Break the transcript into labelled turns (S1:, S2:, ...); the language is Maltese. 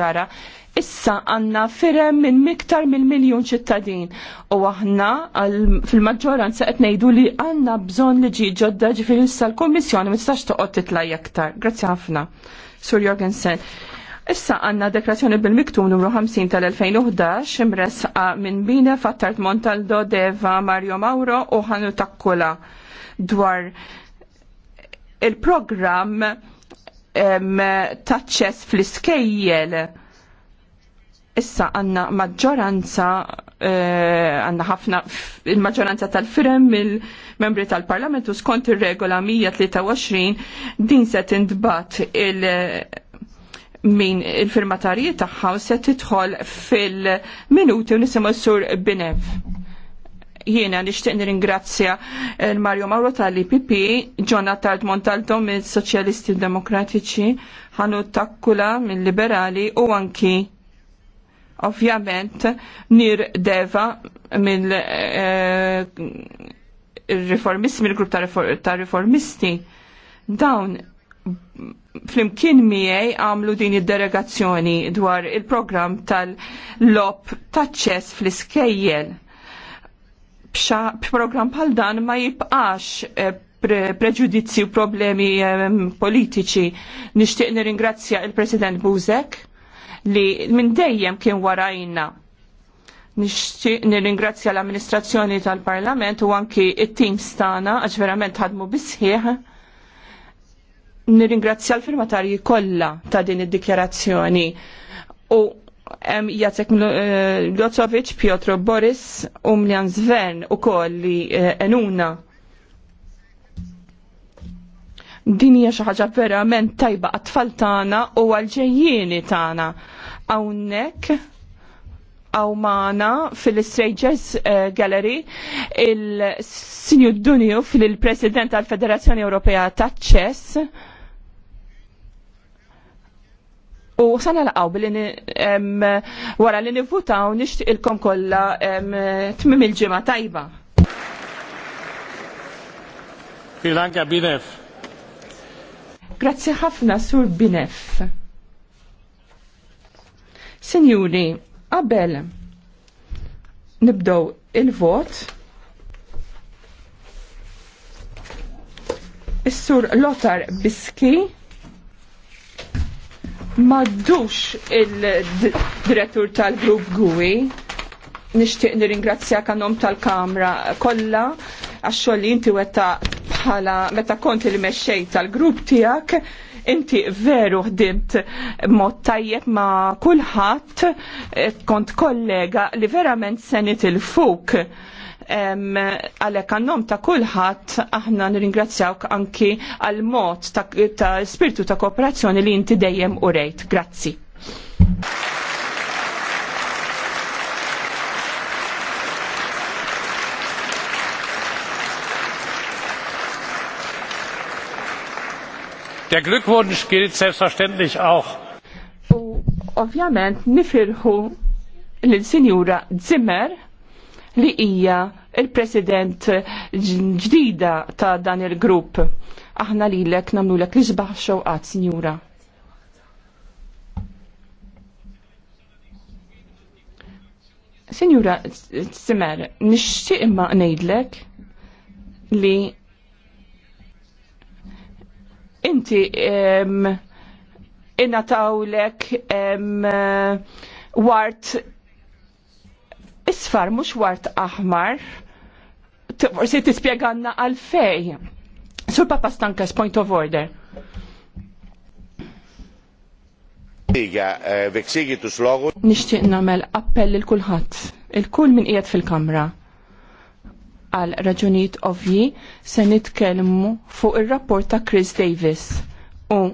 S1: rara. Issa għanna firem minn miktar minn miljon ċittadin. U aħna fil-maġġoranza qed ngħidu li għandna bżonn li ġi ġodda ġifieri issa l-Kummissjoni mistax tistax toqgħod titla' aktar. Grazzi ħafna, Sur Jorgensen. Issa għanna deklarazzjoni bil miktum numru 50 tal-2011 imresqa minn Bina Fattart Montaldo Deva Mario Mauro u Ħanu Takkula dwar il-programm taċċess fl-iskejjel. Issa għanna maġġoranza eh, għanna ħafna il-maġġoranza tal firm mill-membri tal-parlament u skont ir-regola 123 din se tindbat il- min il-firmatarji tagħha se tidħol fil-minuti u nisimgħu sur Binev jiena nixtieq nirringrazzja eh, Mario Mauro tal-IPP, Jonathan Montalto mill-Soċjalisti Demokratiċi, Ħanu Takkula mill-Liberali u anki ovvjament Nir Deva mill eh, riformisti mill-grupp ta' riformisti. Dawn flimkien miegħi għamlu din id-delegazzjoni dwar il-programm tal-lob taċċess fl-iskejjel b'program bħal dan ma jibqax eh, preġudizzi u problemi eh, politiċi. Nixtieq nirringrazzja il-President Buzek li minn dejjem kien warajna. Nixtieq nirringrazzja l-amministrazzjoni tal-Parlament u anki it-tim stana għax verament ħadmu bisħieħ. Nirringrazzja l-firmatarji kollha ta' din id-dikjarazzjoni u Jacek Mlocovic, eh, Piotr Boris, umlian Zvern u koll li eh, enuna. Din hija xi ħaġa verament tajba għat-tfal tagħna u għalġejjieni tagħna. Hawnhekk għaw maħna fil-Strangers eh, Gallery il-Sinju Dunju fil-President tal-Federazzjoni Ewropea ta' ċess U sana laqaw billi wara li nivvutaw nixtieq ilkom kollha tmim il-ġimgħa tajba. binef. Grazzi ħafna sur binef. Sinjuri, qabel nibdow il-vot. Is-sur Lothar Biski maddux il-direttur tal-grupp GUI. Nishtiq nir-ingrazzja kanom tal-kamra kolla għaxxol li inti wetta bħala meta konti li meċċej tal-grupp tijak inti veru ħdimt mod tajjeb ma' kulħadd eh, kont kollega li verament senit il-fuk għalek għannom ta' kullħat aħna nringrazzjawk anki għal mod ta', ta spiritu ta' kooperazzjoni li inti dejjem u rejt. Grazzi. Der Glückwunsch gilt selbstverständlich auch. ovvjament nifirħu l-Sinjura Zimmer li hija il-president ġdida ta' dan il-grupp. Aħna lilek ek li ġbaħ xewqat, sinjura. Sinjura Simer, nixtieq imma ngħidlek li inti inatawlek wart asfar mhux wart aħmar, forsi tispjeganna għalfej. Sur Papa Stankas, point of order. Eh, Nixtieq nagħmel appell lil kulħadd, il-kull min qiegħed fil-kamra. Għal raġunijiet ovvji se nitkellmu fuq ir-rapport ta' Chris Davis u